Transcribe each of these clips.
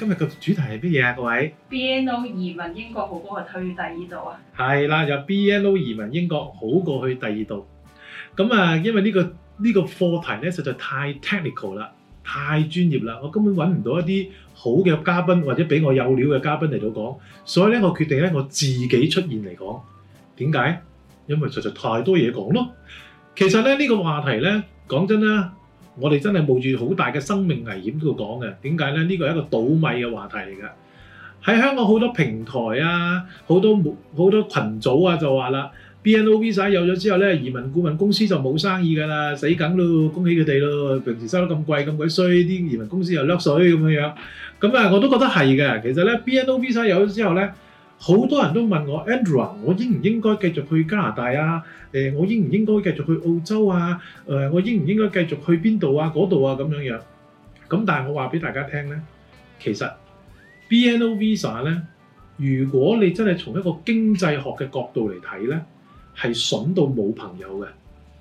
今日個主題係乜嘢啊？各位，BNO 移民英國好過去第二度啊？係啦，由 BNO 移民英國好過去第二度。咁啊，因為呢個呢個課題咧實在太 technical 啦，太專業啦，我根本揾唔到一啲好嘅嘉賓或者俾我有料嘅嘉賓嚟到講，所以咧我決定咧我自己出現嚟講。點解？因為實在太多嘢講咯。其實咧呢個話題咧，講真啦。我哋真係冒住好大嘅生命危險喺度講嘅，點解呢？呢、呢個係一個倒米嘅話題嚟㗎。喺香港好多平台啊，好多冇好多羣組啊，就話啦，BNO Visa 有咗之後呢，移民顧問公司就冇生意㗎啦，死梗咯，恭喜佢哋咯！平時收得咁貴咁鬼衰，啲移民公司又甩水咁樣樣，咁啊我都覺得係嘅。其實呢，BNO Visa 有咗之後呢。好多人都問我，Andrew，我應唔應該繼續去加拿大啊？誒，我應唔應該繼續去澳洲啊？誒，我應唔應該繼續去邊度啊？嗰度啊，咁樣樣咁，但係我話俾大家聽咧，其實 BNO Visa 咧，如果你真係從一個經濟學嘅角度嚟睇咧，係筍到冇朋友嘅。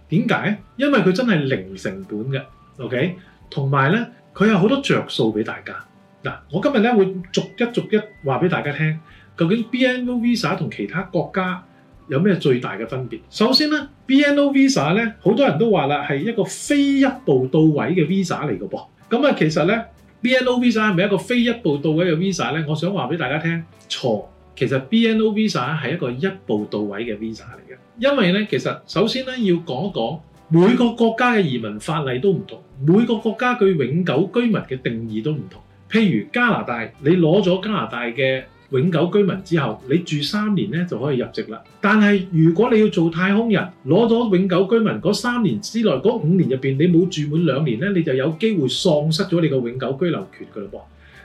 點解？因為佢真係零成本嘅，OK？同埋咧，佢有好多着數俾大家嗱。我今日咧會逐一逐一話俾大家聽。究竟 BNO Visa 同其他國家有咩最大嘅分別？首先咧，BNO Visa 咧，好多人都話啦，係一個非一步到位嘅 Visa 嚟嘅噃。咁啊，其實咧，BNO Visa 係咪一個非一步到位嘅 Visa 咧？我想話俾大家聽，錯。其實 BNO Visa 係一個一步到位嘅 Visa 嚟嘅，因為咧，其實首先咧要講一講每個國家嘅移民法例都唔同，每個國家佢永久居民嘅定義都唔同。譬如加拿大，你攞咗加拿大嘅永久居民之後，你住三年咧就可以入籍啦。但係如果你要做太空人，攞咗永久居民嗰三年之內嗰五年入面，你冇住滿兩年咧，你就有機會喪失咗你個永久居留權噶啦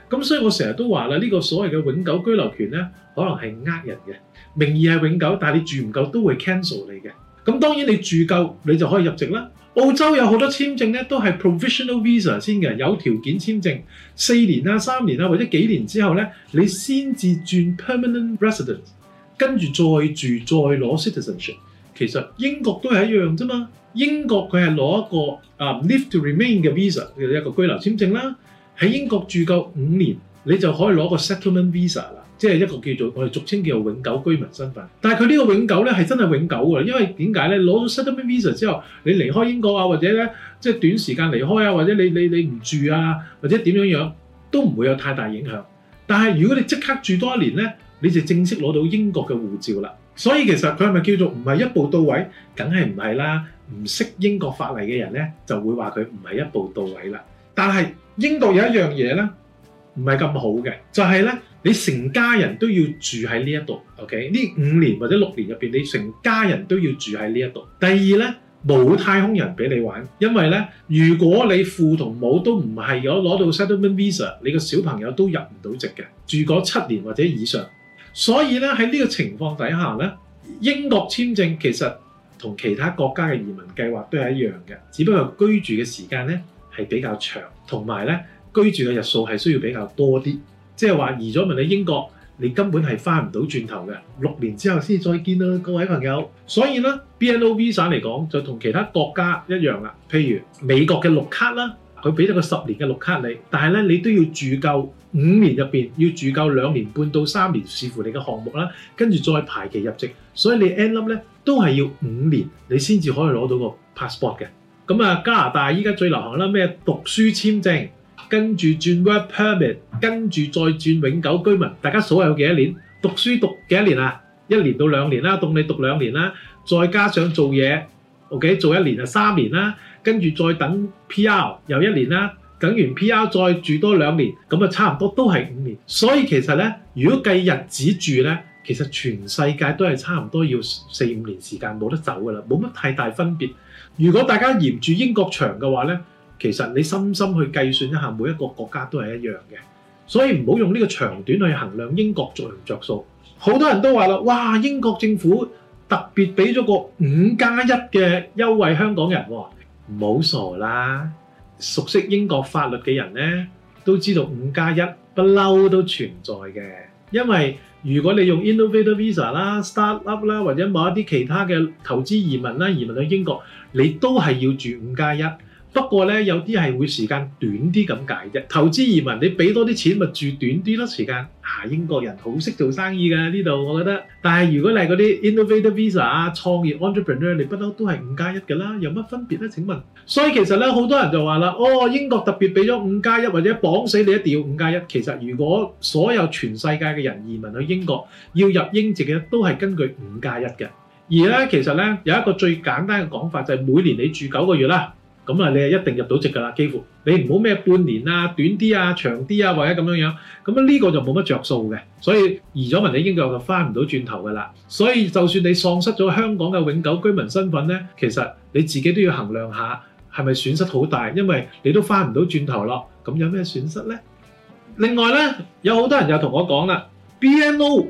噃。咁所以我成日都話啦，呢個所謂嘅永久居留權咧，可能係呃人嘅，名義係永久，但係你住唔夠都會 cancel 你嘅。咁當然你住夠，你就可以入籍啦。澳洲有好多簽證咧，都係 provisional visa 先嘅，有條件簽證四年啊、三年啊或者幾年之後咧，你先至轉 permanent residence，跟住再住再攞 citizenship。其實英國都係一樣啫嘛。英國佢係攞一個啊、uh, leave to remain 嘅 visa 嘅一個居留簽證啦，喺英國住夠五年，你就可以攞個 settlement visa 啦。即係一個叫做我哋俗稱叫做永久居民身份，但係佢呢個永久咧係真係永久㗎，因為點解咧？攞咗 Settlement Visa 之後，你離開英國啊，或者咧即係短時間離開啊，或者你你你唔住啊，或者點樣樣都唔會有太大影響。但係如果你即刻住多一年咧，你就正式攞到英國嘅護照啦。所以其實佢係咪叫做唔係一步到位？梗係唔係啦。唔識英國法例嘅人咧就會話佢唔係一步到位啦。但係英國有一樣嘢咧。唔係咁好嘅，就係咧，你成家人都要住喺呢一度，OK？呢五年或者六年入面，你成家人都要住喺呢一度。第二咧，冇太空人俾你玩，因為咧，如果你父同母都唔係有攞到 Settlement Visa，你個小朋友都入唔到籍嘅，住嗰七年或者以上。所以咧喺呢個情況底下咧，英國簽證其實同其他國家嘅移民計劃都係一樣嘅，只不過居住嘅時間咧係比較長，同埋咧。居住嘅日數係需要比較多啲，即係話移咗民去英國，你根本係翻唔到轉頭嘅。六年之後先再見啦，各位朋友。所以咧，BNO Visa 嚟講就同其他國家一樣啦。譬如美國嘅綠卡啦，佢俾咗個十年嘅綠卡你，但係咧你都要住夠五年入面，要住夠兩年半到三年，視乎你嘅項目啦，跟住再排期入職。所以你 end up 咧都係要五年，你先至可以攞到個 passport 嘅。咁、嗯、啊，加拿大依家最流行啦，咩讀書簽證。跟住轉 work permit，跟住再轉永久居民，大家數下有幾多年？讀書讀幾多年啊？一年到兩年啦，讀你讀兩年啦，再加上做嘢，OK，做一年就三年啦，跟住再等 PR 又一年啦，等完 PR 再住多兩年，咁啊差唔多都係五年。所以其實咧，如果計日子住咧，其實全世界都係差唔多要四五年時間冇得走噶啦，冇乜太大分別。如果大家嫌住英國長嘅話咧，其實你深深去計算一下，每一個國家都係一樣嘅，所以唔好用呢個長短去衡量英國著唔着數。好多人都話啦，哇！英國政府特別俾咗個五加一嘅優惠香港人喎，唔好傻啦。熟悉英國法律嘅人咧，都知道五加一不嬲都存在嘅，因為如果你用 innovator visa 啦、start up 啦，或者某一啲其他嘅投資移民啦，移民到英國，你都係要住五加一。不過咧，有啲係會時間短啲咁解啫。投資移民你俾多啲錢咪住短啲咯。時間啊，英國人好識做生意㗎呢度，我覺得。但係如果你係嗰啲 innovator visa 啊、創業 entrepreneur，你不嬲都係五加一㗎啦，有乜分別咧？請問。所以其實咧，好多人就話啦，哦，英國特別俾咗五加一，或者綁死你一定要五加一。其實如果所有全世界嘅人移民去英國要入英籍嘅，都係根據五加一嘅。而咧，其實咧，有一個最簡單嘅講法就係每年你住九個月啦。咁啊，你係一定入到籍噶啦，幾乎你唔好咩半年啊、短啲啊、長啲啊或者咁樣樣，咁啊呢個就冇乜着數嘅。所以移咗民，你應該就翻唔到轉頭噶啦。所以就算你喪失咗香港嘅永久居民身份咧，其實你自己都要衡量下係咪損失好大，因為你都翻唔到轉頭咯。咁有咩損失咧？另外咧，有好多人又同我講啦，BNO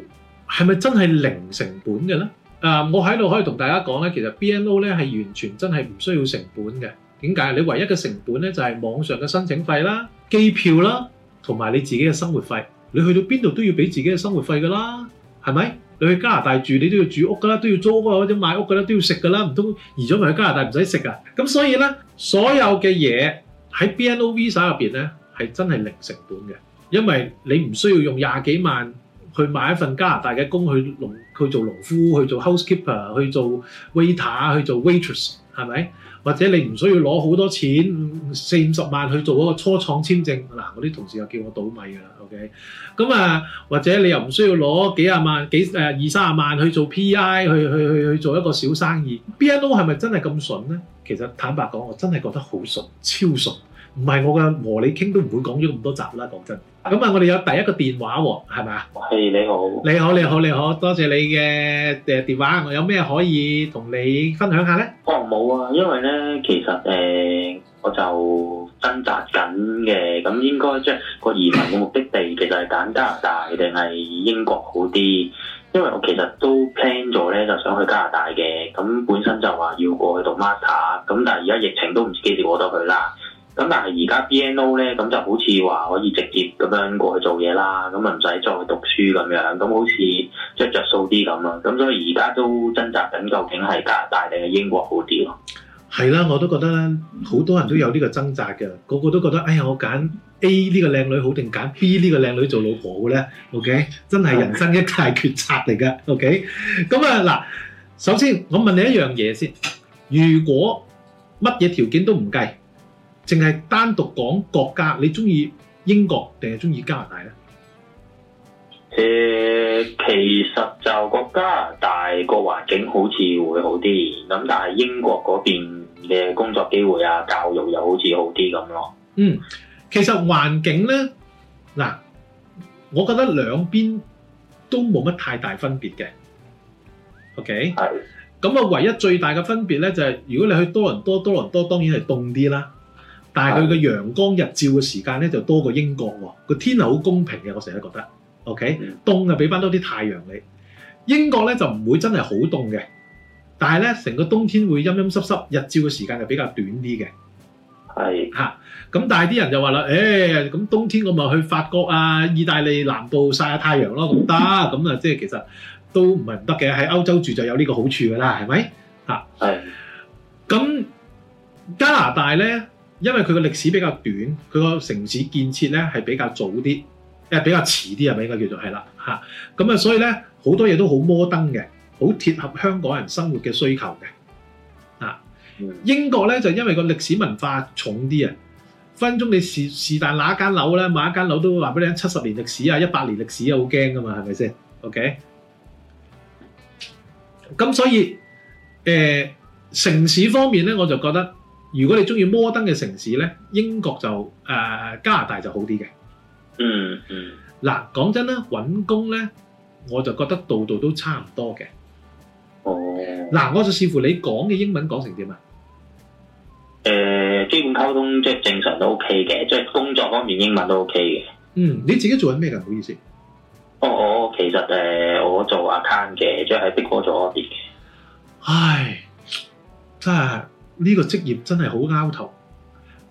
係咪真係零成本嘅咧？啊、呃，我喺度可以同大家講咧，其實 BNO 咧係完全真係唔需要成本嘅。點解？你唯一嘅成本咧就係網上嘅申請費啦、機票啦，同埋你自己嘅生活費。你去到邊度都要俾自己嘅生活費㗎啦，係咪？你去加拿大住，你都要住屋㗎啦，都要租屋或者買屋㗎啦，都要食㗎啦，唔通移咗咪去加拿大唔使食㗎？咁所以咧，所有嘅嘢喺 BNO Visa 入邊咧係真係零成本嘅，因為你唔需要用廿幾萬去買一份加拿大嘅工去農去做農夫、去做 housekeeper、去做 waiter、去做 waitress，係咪？或者你唔需要攞好多錢，四五十萬去做嗰個初創簽證嗱，我啲同事又叫我倒米㗎啦，OK，咁啊或者你又唔需要攞幾廿萬幾誒二三十萬去做 PI 去去去去做一個小生意，BNO 係咪真係咁筍咧？其實坦白講，我真係覺得好筍，超筍，唔係我嘅和你傾都唔會講咗咁多集啦，講真的。咁啊，我哋有第一個電話喎、哦，係咪？係、hey, 你好，你好，你好，你好，多謝你嘅誒電話，我有咩可以同你分享下咧？哦，冇啊，因為咧，其實誒、呃，我就掙扎緊嘅，咁應該即係個移民嘅目的地，其實係揀加拿大定係英國好啲，因為我其實都 plan 咗咧，就想去加拿大嘅，咁本身就話要過去讀 master，咁但係而家疫情都唔知幾時過得去啦。咁但係而家 BNO 咧，咁就好似話可以直接咁樣過去做嘢啦，咁又唔使再去讀書咁樣，咁好似着着著數啲咁啊。咁所以而家都掙扎緊，究竟係加拿大定係英國好啲咯、啊？係啦、啊，我都覺得好多人都有呢個掙扎㗎，個個都覺得，哎呀，我揀 A 呢個靚女好定揀 B 呢個靚女做老婆好咧？OK，真係人生一大決策嚟㗎。OK，咁啊嗱，首先我問你一樣嘢先，如果乜嘢條件都唔計？淨係單獨講國家，你中意英國定係中意加拿大咧？誒，其實就加拿大個環境好似會好啲，咁但係英國嗰邊嘅工作機會啊、教育又好似好啲咁咯。嗯，其實環境咧嗱，我覺得兩邊都冇乜太大分別嘅。OK，係咁啊，唯一最大嘅分別咧就係如果你去多倫多，多倫多當然係凍啲啦。但係佢嘅陽光日照嘅時間咧就多過英國喎，個天係好公平嘅，我成日都覺得。OK，凍就俾翻多啲太陽你。英國咧就唔會真係好凍嘅，但係咧成個冬天會陰陰濕濕，日照嘅時間就比較短啲嘅。係是。嚇，咁但係啲人就話啦，誒，咁冬天我咪去法國啊、意大利南部曬下太陽咯，咁得，咁啊，即係其實都唔係唔得嘅，喺歐洲住就有呢個好處㗎啦，係咪？嚇是。係。咁加拿大咧？因為佢個歷史比較短，佢個城市建設咧係比較早啲，誒、呃、比較遲啲係咪應該叫做係啦吓，咁啊、嗯、所以咧好多嘢都好摩登嘅，好貼合香港人生活嘅需求嘅啊、嗯。英國咧就因為個歷史文化重啲啊，分分鐘你是是但揦一間樓咧買一間樓都會話俾你聽七十年歷史啊、一百年歷史啊，好驚㗎嘛係咪先？OK，咁所以誒、呃、城市方面咧我就覺得。如果你中意摩登嘅城市咧，英國就誒、呃、加拿大就好啲嘅、嗯。嗯嗯。嗱，講真啦，揾工咧，我就覺得度度都差唔多嘅。哦、嗯。嗱，我就視乎你講嘅英文講成點啊？誒、呃，基本溝通即係正常都 OK 嘅，即係工作方面英文都 OK 嘅。嗯，你自己做緊咩噶？唔好意思。哦，我、哦、其實誒、呃，我做 account 嘅，即係逼過咗啲。唉，真係。呢個職業真係好撓頭，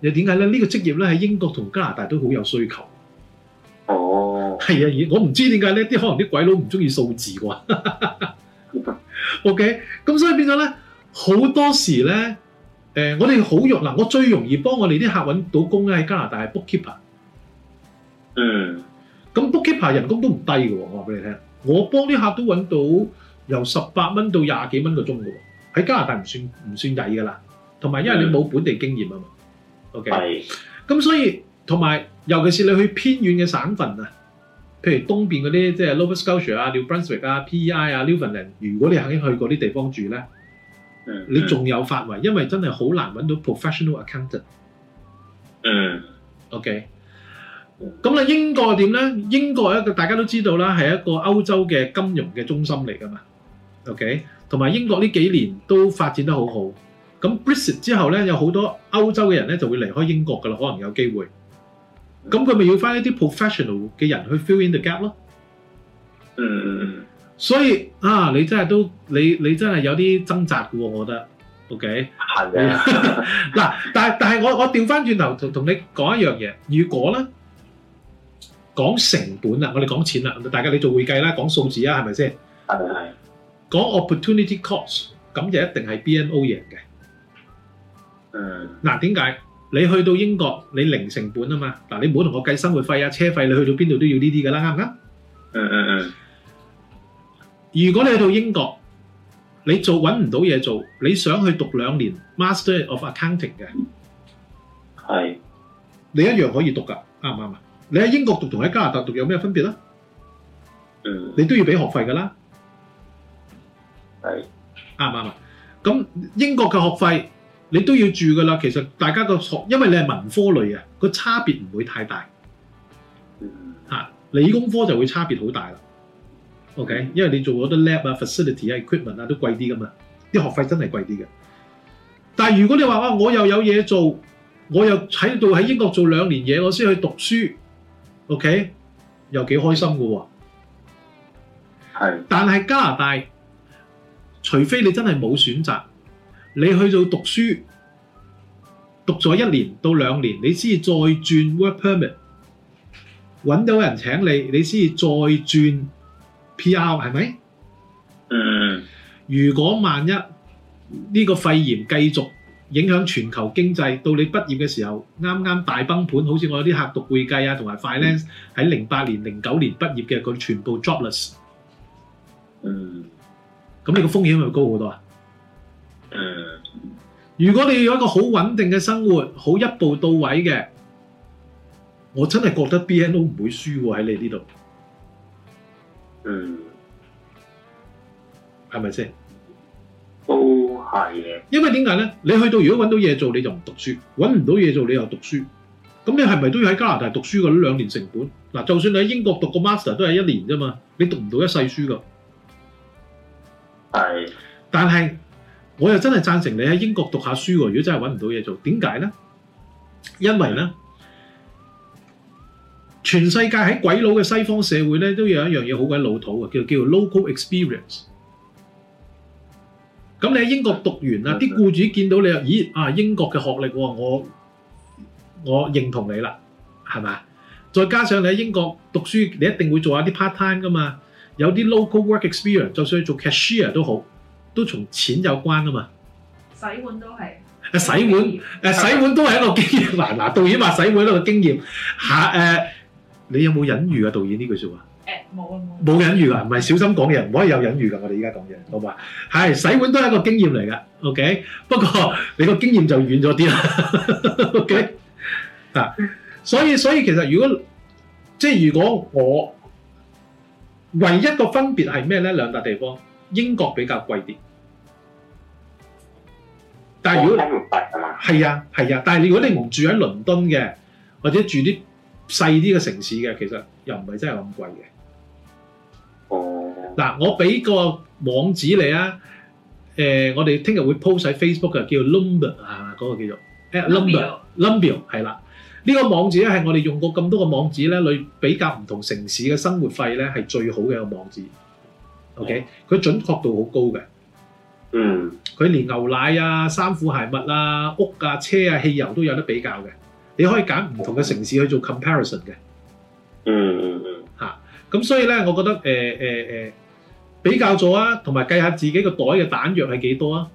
你點解咧？呢、這個職業咧喺英國同加拿大都好有需求。哦，係啊，我唔知點解咧，啲可能啲鬼佬唔中意數字啩。 OK，咁所以變咗咧，好多時咧，誒，我哋好弱嗱。我最容易幫我哋啲客揾到工咧，喺加拿大係 bookkeeper。嗯 book。咁、mm. bookkeeper 人工都唔低嘅，我話俾你聽，我幫啲客都揾到由十八蚊到廿幾蚊個鐘嘅喎，喺加拿大唔算唔算抵㗎啦。同埋，而且因為你冇本地經驗啊嘛，OK，係是，咁所以同埋，尤其是你去偏遠嘅省份啊，譬如東邊嗰啲，即係 Nova Scotia 啊、pture, New Brunswick 啊 PE、嗯、PEI 啊、Newfoundland，如果你曾經去過啲地方住咧，嗯、你仲有發圍，嗯、因為真係好難揾到 professional accountant 嗯。嗯，OK，咁啊，英國點咧？英國一個大家都知道啦，係一個歐洲嘅金融嘅中心嚟㗎嘛，OK，同埋英國呢幾年都發展得好好。咁 Brexit 之後咧，有好多歐洲嘅人咧就會離開英國噶啦，可能有機會。咁佢咪要翻一啲 professional 嘅人去 fill in the gap 咯。嗯嗯嗯。所以啊，你真係都你你真係有啲掙扎嘅喎、哦，我覺得。O K. 係。嗱，但係但係我我調翻轉頭同同你講一樣嘢。如果咧講成本啊，我哋講錢啦，大家你做會計啦，講數字啊，係咪先？係係。講 opportunity cost，咁就一定係 B N O 贏嘅。嗱，點解你去到英國你零成本啊嘛？嗱，你唔好同我計生活費啊、車費，你去到邊度都要呢啲噶啦，啱唔啱？嗯嗯嗯。如果你去到英國，你做搵唔到嘢做，你想去讀兩年 Master of Accounting 嘅，係，你一樣可以讀噶，啱唔啱啊？你喺英國讀同喺加拿大讀有咩分別啊？嗯，你都要俾學費噶啦，係，啱唔啱啊？咁英國嘅學費。你都要住噶啦，其實大家個學，因為你係文科類啊，個差別唔會太大嚇。理工科就會差別好大啦。OK，因為你做嗰啲 lab 啊、facility 啊、equipment 啊都貴啲噶嘛，啲學費真係貴啲嘅。但係如果你話我又有嘢做，我又喺度喺英國做兩年嘢，我先去讀書。OK，又幾開心嘅喎。係，但係加拿大，除非你真係冇選擇。你去到讀書，讀咗一年到兩年，你先至再轉 work permit，揾到人請你，你先至再轉 PR，係咪？嗯。如果萬一呢個肺炎繼續影響全球經濟，到你畢業嘅時候啱啱大崩盤，好似我有啲客讀會計啊同埋 finance 喺零八年、零九年畢業嘅，佢全部 jobless。嗯。咁你個風險係咪高好多啊？.誒，嗯、如果你要有一個好穩定嘅生活，好一步到位嘅，我真係覺得 BNO 唔會輸喺你呢度。嗯，係咪先？都係嘅。因為點解咧？你去到如果搵到嘢做，你就唔讀書；搵唔到嘢做，你又讀書。咁你係咪都要喺加拿大讀書嗰兩年成本？嗱，就算你喺英國讀個 master 都係一年啫嘛，你讀唔到一世書噶。係的，但係。我又真係贊成你喺英國讀下書喎。如果真係揾唔到嘢做，點解咧？因為咧，全世界喺鬼佬嘅西方社會咧，都有一樣嘢好鬼老土嘅，叫叫做 local experience。咁你喺英國讀完啦，啲雇主見到你咦啊，英國嘅學歷，我我認同你啦，係咪啊？再加上你喺英國讀書，你一定會做下啲 part time 噶嘛。有啲 local work experience，就算去做 cashier 都好。都同錢有關嘛啊嘛，洗碗都係誒洗碗誒洗碗都係一個經驗。嗱的、啊，導演話洗碗都係經驗。下、啊、誒、呃，你有冇隱喻啊？導演呢句說話誒，冇啊冇冇隱喻㗎，唔係小心講嘢，唔可以有隱喻㗎。我哋而家講嘢，好唔好係洗碗都係一個經驗嚟㗎。OK，不過你個經驗就遠咗啲啦。 OK 嗱、啊，所以所以其實如果即係如果我唯一的分別個分別係咩咧？兩笪地方英國比較貴啲。但係如果係啊係啊，但係如果你唔住喺倫敦嘅，或者住啲細啲嘅城市嘅，其實又唔係真係咁貴嘅。哦！嗱，我俾個網址你啊。誒，我哋聽日會 post 喺 Facebook 嘅，叫 Lumber 啊，嗰個叫做 Lumber Lumber 係啦。呢個網址咧係我哋用過咁多個網址咧，嚟比較唔同城市嘅生活費咧係最好嘅一個網址。OK，佢準確度好高嘅。嗯，佢連牛奶啊、衫褲鞋襪啊、屋啊、車啊、汽油都有得比較嘅。你可以揀唔同嘅城市去做 comparison 嘅、嗯。嗯嗯嗯，吓、啊，咁所以咧，我覺得誒誒誒，比較咗啊，同埋計下自己個袋嘅彈藥係幾多啊。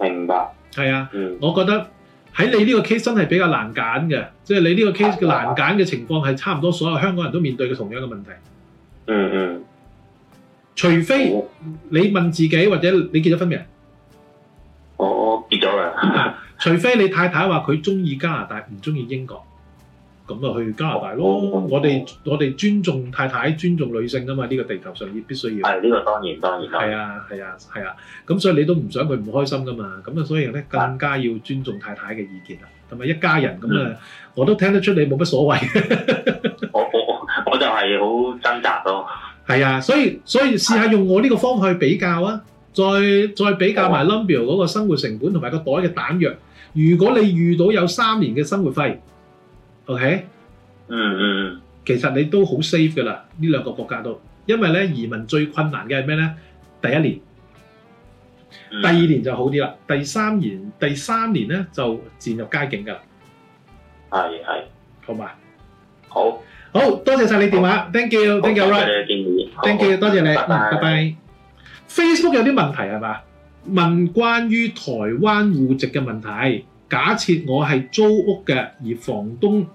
明白。係、嗯、啊。我覺得喺你呢個 case 真係比較難揀嘅，即、就、係、是、你呢個 case 嘅難揀嘅情況係差唔多所有香港人都面對嘅同樣嘅問題。嗯嗯。嗯嗯除非你問自己，我或者你結咗婚未？我結咗啦。 除非你太太話佢中意加拿大，唔中意英國，咁啊去加拿大咯。我哋我哋們我尊重太太，尊重女性噶嘛？呢、呢個地球上必必須要。係呢個當然當然係啊係啊係啊，咁、啊啊啊、所以你都唔想佢唔開心噶嘛？咁啊，所以咧更加要尊重太太嘅意見啦，同埋的一家人咁啊，嗯、我都聽得出你冇乜所謂。 我我我就係好掙扎咯。係啊，所以所以試下用我呢個方法去比較啊，再再比較埋 Lumio 嗰個生活成本同埋個袋嘅彈藥。如果你遇到有三年嘅生活費，OK？嗯嗯，嗯，其實你都好 safe 噶啦，呢兩個國家都，因為咧移民最困難嘅係咩咧？第一年，第二年就好啲啦，第三年第三年咧就漸入佳境噶啦。係係、嗯，嗯、好嘛嗎？好。好多謝晒你電話，thank you，thank you 多謝 thank you，多謝你，拜拜、okay, okay, okay。Bye bye Facebook 有啲問題係嘛？問關於台灣戶籍嘅問題。假設我係租屋嘅，而房東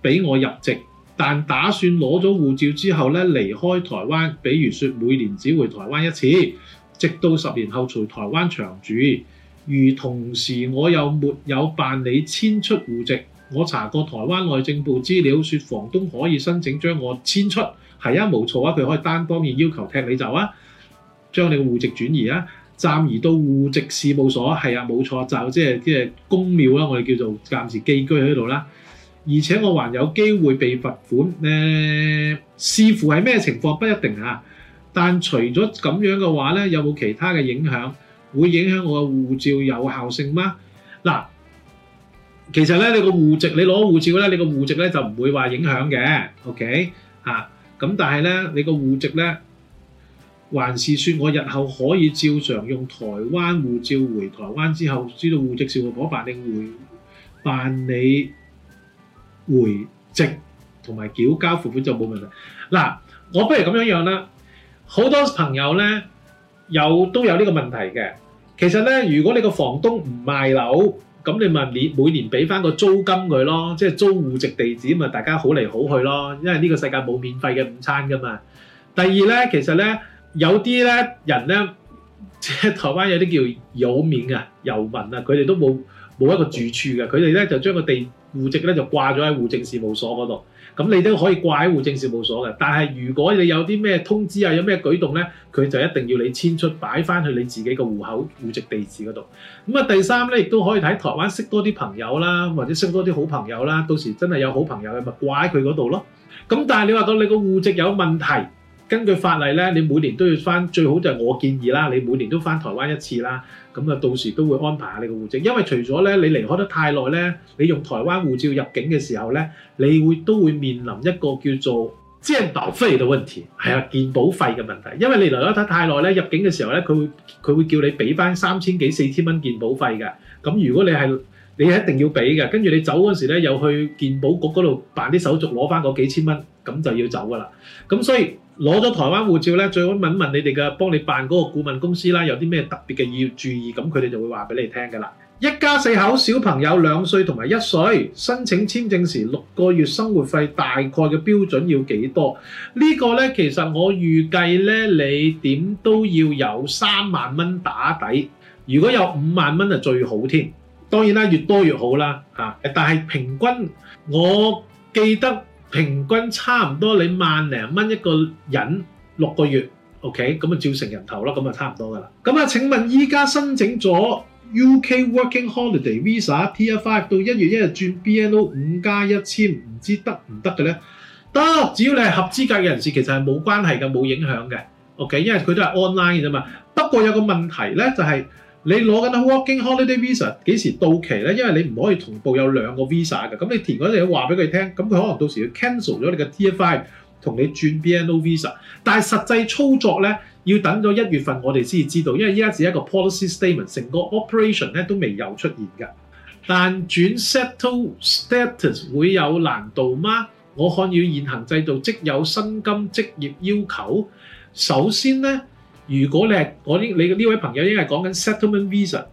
俾我入籍，但打算攞咗護照之後咧離開台灣，比如說每年只回台灣一次，直到十年後才台灣長住，而同時我又沒有辦理遷出戶籍。我查過台灣內政部資料，説房東可以申請將我遷出，係啊冇錯啊，佢可以單方面要求踢你走啊，將你個戶籍轉移啊，暫移到戶籍事務所，係啊冇錯就即係即係宮廟啦，我哋叫做暫時寄居喺度啦。而且我還有機會被罰款，誒、呃，視乎係咩情況不一定啊。但除咗咁樣嘅話咧，有冇其他嘅影響？會影響我嘅護照有效性嗎？嗱。其實咧，你個戶籍你攞護照咧，你個戶籍咧就唔會話影響嘅，OK 嚇。咁但係咧，你個戶籍咧，還是説我日後可以照常用台灣護照回台灣之後，知道戶籍是何可辦領回辦理回籍同埋繳交付款就冇問題。嗱，我不如咁樣樣啦。好多朋友咧有都有呢個問題嘅。其實咧，如果你個房東唔賣樓，咁你咪每年俾翻個租金佢咯，即係租戶籍地址咪大家好嚟好去咯，因為呢個世界冇免費嘅午餐噶嘛。第二咧，其實咧有啲咧人咧，即係台灣有啲叫有面呀、遊民啊，佢哋都冇冇一個住處嘅，佢哋咧就將個地戶籍咧就掛咗喺戶政事務所嗰度。咁你都可以掛喺戶政事務所嘅，但係如果你有啲咩通知啊，有咩舉動咧，佢就一定要你遷出擺翻去你自己嘅戶口、戶籍地址嗰度。咁啊，第三咧亦都可以喺台灣識多啲朋友啦，或者識多啲好朋友啦，到時真係有好朋友嘅咪掛喺佢嗰度咯。咁但係你話到你個戶籍有問題。根據法例咧，你每年都要翻，最好就係我建議啦。你每年都翻台灣一次啦，咁啊到時都會安排下你個戶籍。因為除咗咧，你離開得太耐咧，你用台灣護照入境嘅時候咧，你會都會面臨一個叫做健保費嘅問題，係啊，健保費嘅問題。因為你留咗得太耐咧，入境嘅時候咧，佢會佢會叫你俾翻三千幾四千蚊健保費㗎。咁如果你係你一定要俾嘅，跟住你走嗰時咧，又去健保局嗰度辦啲手續，攞翻嗰幾千蚊，咁就要走㗎啦。咁所以，攞咗台灣護照咧，最好問問你哋嘅幫你辦嗰個顧問公司啦，有啲咩特別嘅要注意，咁佢哋就會話俾你聽㗎啦。一家四口小朋友兩歲同埋一歲，申請簽證時六個月生活費大概嘅標準要幾多？呢個咧其實我預計咧，你點都要有三萬蚊打底，如果有五萬蚊就最好添。當然啦，越多越好啦，嚇！但係平均，我記得。平均差唔多你萬零蚊一個人，六個月，OK，咁啊照成人頭咯，咁啊差唔多噶啦。咁啊，請問依家申請咗 UK Working Holiday Visa Tier 5到一月一日轉 BNO 五加一千，唔知得唔得嘅咧？得，只要你係合資格嘅人士，其實係冇關係嘅，冇影響嘅。OK，因為佢都係 online 嘅啫嘛。不過有個問題咧，就係、是。你攞緊 Working Holiday Visa 幾時到期咧？因為你唔可以同步有兩個 Visa 嘅，咁你填嗰陣要話俾佢聽，咁佢可能到時要 cancel 咗你嘅 T5 同你轉 BNO Visa，但係實際操作咧要等咗一月份我哋先至知道，因為依家只係一個 policy statement，成個 operation 咧都未有出現嘅。但轉 Settle Status 會有難度嗎？我看要現行制度即有薪金職業要求，首先咧。如果你係啲，你呢位朋友應該係講緊 settlement visa。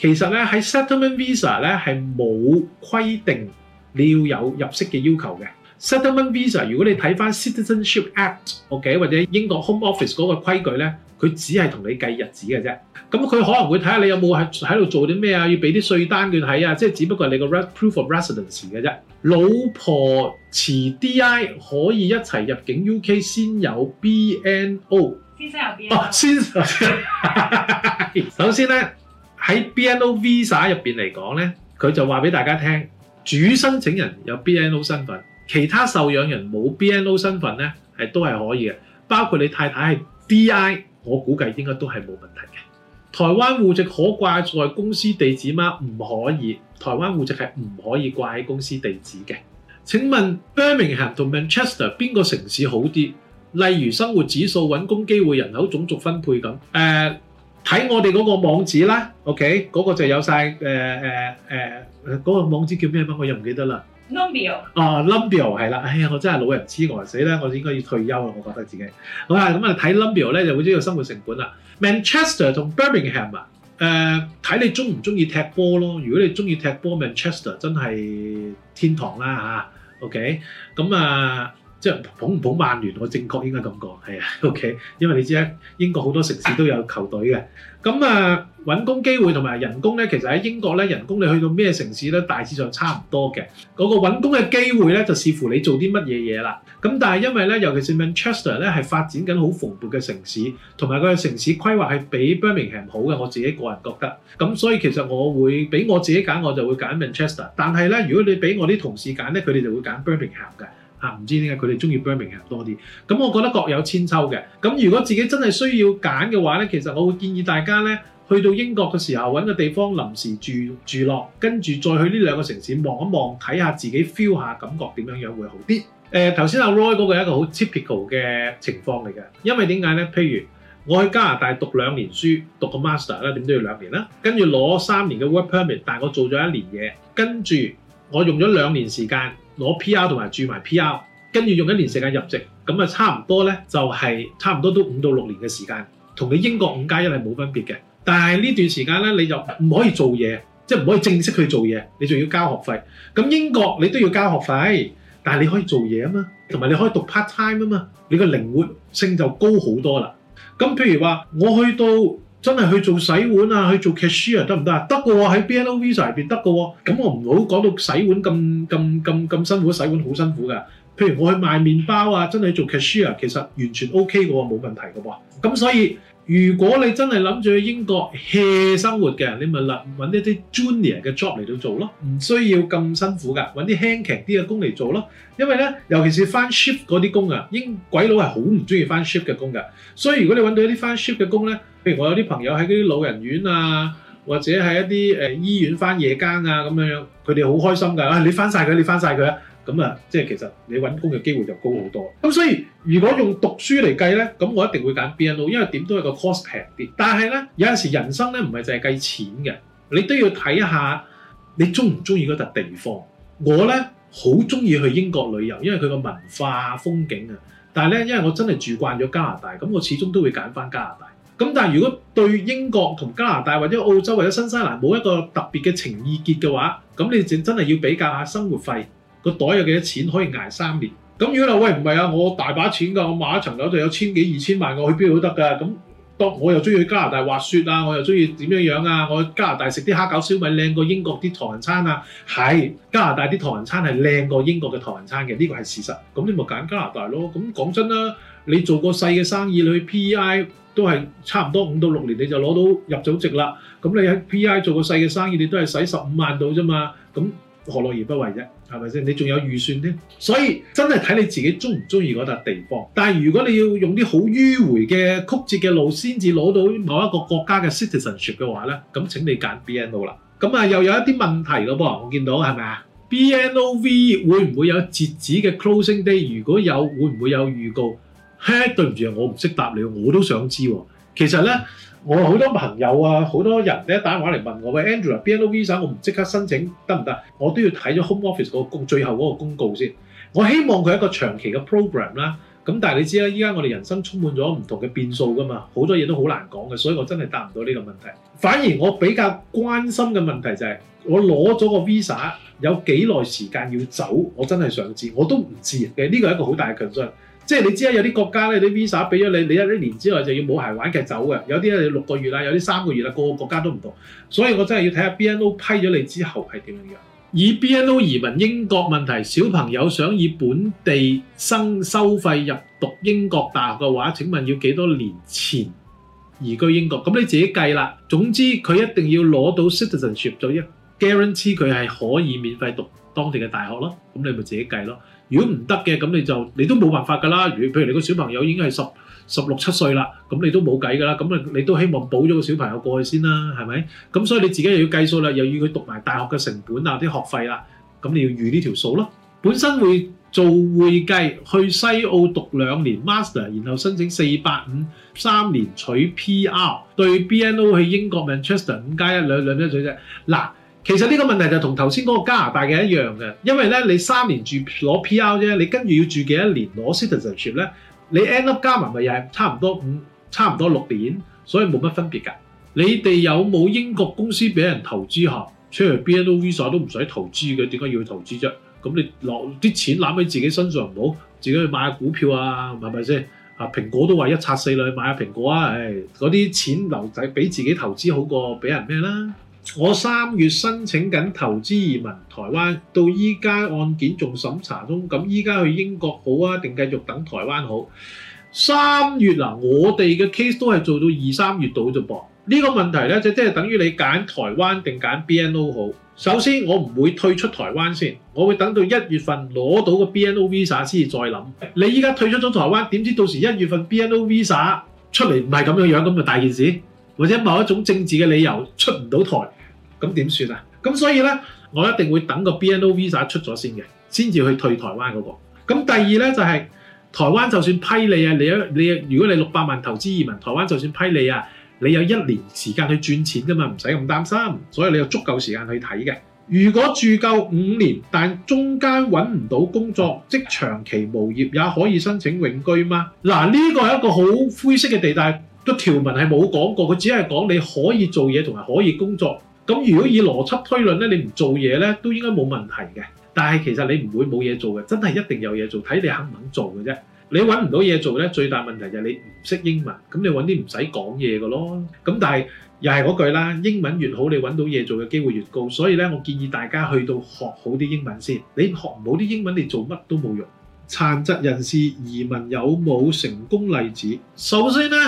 其實咧喺 settlement visa 咧係冇規定你要有入息嘅要求嘅 settlement visa。如果你睇翻 citizenship act OK 或者英國 Home Office 嗰個規矩咧，佢只係同你計日子嘅啫。咁、嗯、佢可能會睇下你有冇喺喺度做啲咩啊，要俾啲稅單佢睇啊，即係只不過係你個 r proof of residence 嘅啫。老婆持 D I 可以一齊入境 U K 先有 B N O。NO? 哦、先生先生，首先咧喺 BNO Visa 入面嚟講咧，佢就話俾大家聽，主申請人有 BNO 身份，其他受養人冇 BNO 身份咧係都係可以嘅，包括你太太係 DI，我估計應該都係冇問題嘅。台灣戶籍可掛在公司地址嗎？唔可以，台灣戶籍係唔可以掛喺公司地址嘅。請問 Birmingham 同 Manchester 邊個城市好啲？例如生活指數、揾工機會、人口種族分配咁，誒、呃、睇我哋嗰個網址啦，OK，嗰個就有晒。誒誒誒嗰個網址叫咩名字？我又唔記得啦。Lumio 哦，Lumio 係啦，哎呀，我真係老人痴呆、呃、死啦，我應該要退休啦，我覺得自己。好、嗯、啊，咁啊睇 Lumio 咧就會知道生活成本啦。Manchester 同 Birmingham 誒、呃、睇你中唔中意踢波咯，如果你中意踢波，Manchester 真係天堂啦吓 OK 咁啊。Okay? 即係捧唔捧曼聯，我正確應該咁講係啊。OK，因為你知咧，英國好多城市都有球隊嘅。咁啊，揾工機會同埋人工咧，其實喺英國咧，人工你去到咩城市咧，大致上差唔多嘅。嗰個揾工嘅機會咧，就視乎你做啲乜嘢嘢啦。咁但係因為咧，尤其是 Manchester 咧，係發展緊好蓬勃嘅城市，同埋個城市規劃係比 Birmingham 好嘅。我自己個人覺得咁，所以其實我會俾我自己揀，我就會揀 Manchester。但係咧，如果你俾我啲同事揀咧，佢哋就會揀 Birmingham 嘅。嚇唔，啊、知點解佢哋中意 Birmingham 人多啲。咁、嗯、我覺得各有千秋嘅。咁、嗯、如果自己真係需要揀嘅話咧，其實我會建議大家咧，去到英國嘅時候揾個地方臨時住住落，跟住再去呢兩個城市望一望，睇下自己 feel 下感覺點樣樣會好啲。誒頭先阿 Roy 嗰個係一個好 typical 嘅情況嚟嘅，因為點解咧？譬如我去加拿大讀兩年書，讀個 master 啦，點都要兩年啦，跟住攞三年嘅 work permit，但係我做咗一年嘢，跟住我用咗兩年時間。攞 PR 同埋住埋 PR，跟住用一年時間入籍，咁啊差唔多咧就係差唔多都五到六年嘅時間，同你英國五加一係冇分別嘅。但係呢段時間咧，你就唔可以做嘢，即係唔可以正式去做嘢，你仲要交學費。咁英國你都要交學費，但係你可以做嘢啊嘛，同埋你可以讀 part time 啊嘛，你個靈活性就高好多啦。咁譬如話，我去到。真係去做洗碗啊，去做 cashier 得唔得啊？得㗎喎，喺 BNO Visa 入邊得㗎喎。咁我唔好講到洗碗咁咁咁咁辛苦，洗碗好辛苦㗎。譬如我去賣麵包啊，真係做 cashier，其實完全 OK 嘅喎、啊，冇問題㗎喎、啊。咁所以。如果你真係諗住去英國 hea 生活嘅，你咪搵一啲 junior 嘅 job 嚟到做咯，唔需要咁辛苦噶，搵啲輕型啲嘅工嚟做咯。因為咧，尤其是翻 ship 嗰啲工啊，英鬼佬係好唔中意翻 ship 嘅工㗎。所以如果你搵到一啲翻 ship 嘅工咧，譬如我有啲朋友喺啲老人院啊，或者喺一啲、呃、醫院翻夜更啊咁樣樣，佢哋好開心㗎。啊，你翻晒佢，你翻晒佢啊！咁啊，即係其實你揾工嘅機會就高好多。咁所以如果用讀書嚟計咧，咁我一定會揀 BNO，因為點都係個 cost 平啲。但係咧，有陣時人生咧唔係淨係計錢嘅，你都要睇下你中唔中意嗰笪地方，我呢。我咧好中意去英國旅遊，因為佢個文化風景啊。但係咧，因為我真係住慣咗加拿大，咁我始終都會揀翻加拿大。咁但係如果對英國同加拿大或者澳洲或者新西蘭冇一個特別嘅情意結嘅話，咁你就真係要比較下生活費。個袋有幾多錢可以捱三年？咁如果話喂唔係啊，我大把錢㗎，我買一層樓就有千幾二千萬，我去邊都得㗎。咁當我又中意去加拿大滑雪啊，我又中意點樣樣啊，我去加拿大食啲蝦餃燒賣，靚過英國啲唐人餐啊，係加拿大啲唐人餐係靚過英國嘅唐人餐嘅，呢個係事實。咁你咪揀加拿大咯。咁講真啦，你做個細嘅生意你去 PEI 都係差唔多五到六年你就攞到入組值啦。咁你喺 PEI 做個細嘅生意，你都係使十五萬到啫嘛。咁何樂而不為啫？係咪先？你仲有預算添，所以真係睇你自己中唔中意嗰笪地方。但係如果你要用啲好迂回嘅曲折嘅路先至攞到某一個國家嘅 citizenship 嘅話咧，咁請你揀 BNO 啦。咁啊，又有一啲問題咯噃。我見到係咪啊？BNOV 會唔會有截止嘅 closing day？如果有，會唔會有預告？嘿、哎，對唔住啊，我唔識答你，我都想知喎。其實咧。嗯我好多朋友啊，好多人咧打電話嚟問我，喂，Andrew，BNO Visa 我唔即刻申請得唔得？我都要睇咗 Home Office 嗰個公最後嗰個公告先。我希望佢係一個長期嘅 program 啦。咁但係你知啦，依家我哋人生充滿咗唔同嘅變數㗎嘛，好多嘢都好難講嘅，所以我真係答唔到呢個問題。反而我比較關心嘅問題就係、是，我攞咗個 visa 有幾耐時間要走，我真係想知，我都唔知嘅。呢個係一個好大嘅困擾。即係你知呀，有啲國家咧，啲 visa 俾咗你，你一年之後就要冇鞋玩嘅，就係，走嘅。有啲咧六個月啦，有啲三個月啦，個個國家都唔同。所以我真係要睇下 BNO 批咗你之後係點樣樣。以 BNO 移民英國問題，小朋友想以本地生收費入讀英國大學嘅話，請問要幾多年前移居英國？咁你自己計啦。總之佢一定要攞到 citizenship 咗一 guarantee，佢係可以免費讀當地嘅大學咯。咁你咪自己計咯。如果唔得嘅，咁你就你都冇辦法㗎啦。如譬如你個小朋友已經係十十六七歲啦，咁你都冇計㗎啦。咁你你都希望補咗個小朋友過去先啦，係咪？咁所以你自己又要計數啦，又要佢讀埋大學嘅成本啊，啲學費啦，咁你要預呢條數咯。本身會做會計，去西澳讀兩年 master，然後申請四百五三年取 PR，對 BNO 去英國 Manchester 五加一兩兩張取啫。嗱。其實呢個問題就同頭先嗰個加拿大嘅一樣嘅，因為咧你三年住攞 P.R. 啫，你跟住要住幾多年攞 Citizenship 咧？你 end up 加埋咪又係差唔多五、差唔多六年，所以冇乜分別㗎。你哋有冇英國公司俾人投資學？出嚟 BNO Visa 都唔使投資嘅，點解要去投資啫？咁你落啲錢攬喺自己身上唔好，不自己去買下股票啊，係咪先？啊，蘋果都話一拆四啦，買下、啊、蘋果啊，誒，嗰啲錢留仔俾自己投資好過俾人咩啦？我三月申請緊投資移民台灣，到依家案件仲審查中。咁依家去英國好啊，定繼續等台灣好？三月嗱，我哋嘅 case 都係做到二三月度啫噃。呢、這個問題咧，就即、是、係等於你揀台灣定揀 BNO 好。首先，我唔會退出台灣先，我會等到一月份攞到個 BNO Visa 先至再諗。你依家退出咗台灣，點知到時一月份 BNO Visa 出嚟唔係咁樣樣，咁咪大件事？或者某一種政治嘅理由出唔到台？咁點算啊？咁所以咧，我一定會等個 BNO Visa 出咗先嘅，先至去退台灣嗰個。咁第二咧就係台灣就算批你啊，你你如果你六百萬投資移民，台灣就算批你啊，你有一年時間去賺錢噶嘛，唔使咁擔心，所以你有足夠時間去睇嘅。如果住夠五年，但中間揾唔到工作，即長期無業也可以申請永居嗎？嗱，呢個係一個好灰色嘅地帶，個條文係冇講過，佢只係講你可以做嘢同埋可以工作。咁如果以邏輯推論咧，你唔做嘢咧都應該冇問題嘅。但係其實你唔會冇嘢做嘅，真係一定有嘢做，睇你肯唔肯做嘅啫。你揾唔到嘢做咧，最大問題就係你唔識英文。咁你揾啲唔使講嘢嘅咯。咁但係又係嗰句啦，英文越好，你揾到嘢做嘅機會越高。所以咧，我建議大家去到學好啲英文先。你學唔好啲英文，你做乜都冇用。殘疾人士移民有冇成功例子？首先咧，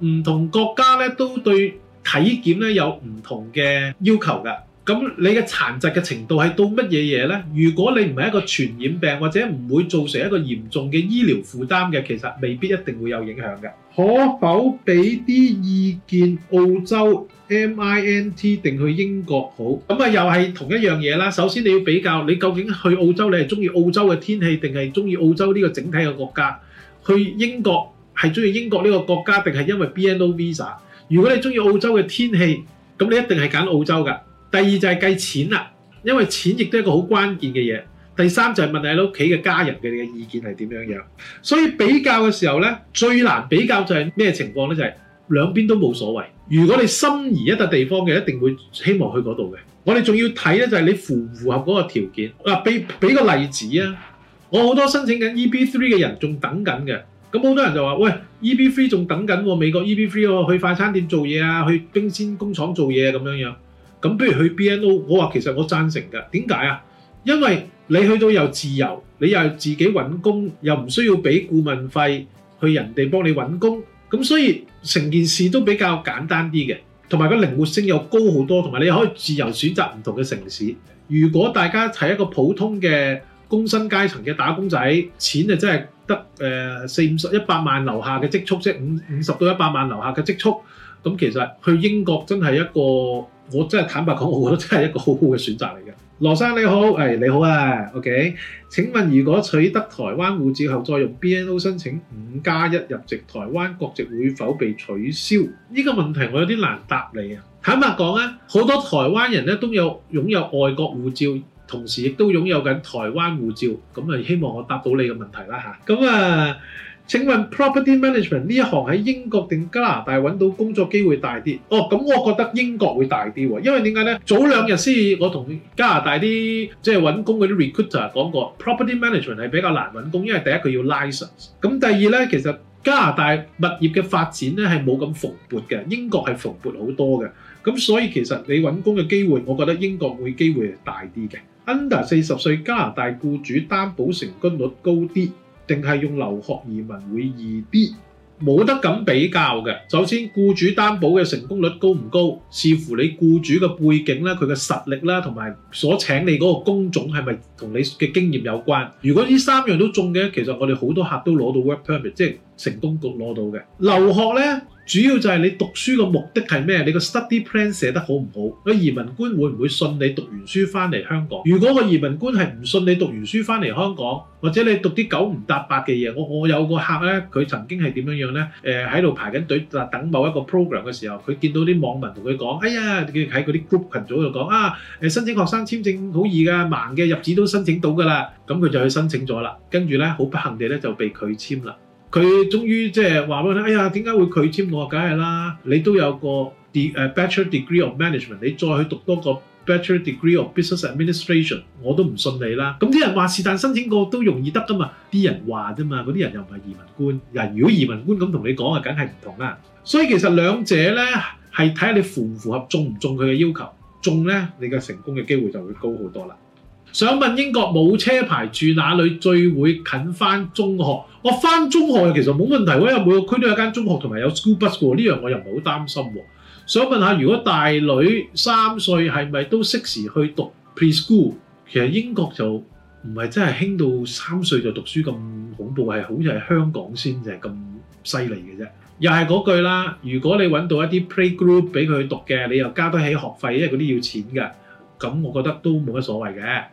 唔同國家咧都對。體檢咧有唔同嘅要求㗎，咁你嘅殘疾嘅程度係到乜嘢嘢咧？如果你唔係一個傳染病，或者唔會造成一個嚴重嘅醫療負擔嘅，其實未必一定會有影響嘅。可否俾啲意見？澳洲 MINT 定去英國好？咁啊又係同一樣嘢啦。首先你要比較，你究竟去澳洲，你係中意澳洲嘅天氣定係中意澳洲呢個整體嘅國家？去英國係中意英國呢個國家定係因為 BNO Visa？如果你中意澳洲嘅天氣，咁你一定係揀澳洲噶。第二就係計錢啦，因為錢亦都係一個好關鍵嘅嘢。第三就係問下你屋企嘅家人嘅嘅意見係點樣樣。所以比較嘅時候咧，最難比較就係咩情況咧？就係兩邊都冇所謂。如果你心儀一笪地方嘅，一定會希望去嗰度嘅。我哋仲要睇咧，就係你符唔符合嗰個條件。嗱，俾俾個例子啊，我好多申請緊 EB3 嘅人仲等緊嘅，咁好多人就話喂。EB three 仲等緊喎，美國 EB three 去快餐店做嘢啊，去冰鮮工廠做嘢啊，咁樣樣。咁不如去 BNO？我話其實我贊成㗎。點解啊？因為你去到又自由，你又自己揾工，又唔需要俾顧問費去人哋幫你揾工。咁所以成件事都比較簡單啲嘅，同埋個靈活性又高好多，同埋你可以自由選擇唔同嘅城市。如果大家係一個普通嘅工薪階層嘅打工仔，錢啊真係～得誒四五十一百萬樓下嘅積蓄，即五五十到一百萬樓下嘅積蓄，咁其實去英國真係一個，我真係坦白講，我覺得真係一個好好嘅選擇嚟嘅。羅生你好、哎，你好啊，OK。請問如果取得台灣護照後再用 BNO 申請五加一入籍台灣國籍，會否被取消？呢、呢個問題我有啲難答你啊。坦白講咧，好多台灣人咧都有擁有外國護照。同時亦都擁有緊台灣護照，咁啊希望我答到你嘅問題啦吓，咁、嗯、啊，請問 property management 呢一行喺英國定加拿大揾到工作機會大啲？哦，咁、嗯、我覺得英國會大啲喎，因為點解呢？早兩日先，我同加拿大啲即係揾工嗰啲 recruiter 講過，property management 係比較難揾工，因為第一佢要 license 咁、嗯、第二呢，其實加拿大物業嘅發展呢係冇咁蓬勃嘅，英國係蓬勃好多嘅。咁所以其實你揾工嘅機會，我覺得英國會機會大啲嘅。Under 四十歲加拿大僱主擔保成功率高啲，定係用留學移民會易啲？冇得咁比較嘅。首先僱主擔保嘅成功率高唔高，視乎你僱主嘅背景咧，佢嘅實力啦，同埋所請你嗰個工種係咪同你嘅經驗有關？如果呢三樣都中嘅，其實我哋好多客都攞到 work permit，即係成功局攞到嘅。留學咧。主要就係你讀書嘅目的係咩？你個 study plan 寫得好唔好？個移民官會唔會信你讀完書翻嚟香港？如果個移民官係唔信你讀完書翻嚟香港，或者你讀啲九唔搭八嘅嘢，我我有個客咧，佢曾經係點樣樣呢？咧、呃？喺度排緊隊等某一個 program 嘅時候，佢見到啲網民同佢講，哎呀，佢喺嗰啲 group 群組度講啊，誒申請學生簽證好易㗎，啊，盲嘅入紙都申請到㗎啦。咁佢就去申請咗啦，跟住咧好不幸地咧就被拒簽啦。佢終於即係話俾我聽，哎呀，點解會拒簽我？梗係啦，你都有個 d bachelor degree of management，你再去讀多個 bachelor degree of business administration，我都唔信你啦。咁啲人話，是但申請過都容易得㗎嘛，啲人話啫嘛。嗰啲人又唔係移民官，人如果移民官咁同你講啊，梗係唔同啦。所以其實兩者咧係睇下你符唔符合中唔中佢嘅要求，中咧你嘅成功嘅機會就會高好多啦。想問英國冇車牌住哪裡最會近翻中學？我、哦、翻中學其實冇問題，因為每個區都有間中學同埋有 school bus 喎。呢樣我又唔係好擔心。想問下，如果大女三歲係咪都適時去讀 preschool？其實英國就唔係真係興到三歲就讀書咁恐怖，係好似係香港先至係咁犀利嘅啫。又係嗰句啦，如果你揾到一啲 playgroup 俾佢去讀嘅，你又加得起學費，因為嗰啲要錢㗎，咁我覺得都冇乜所謂嘅。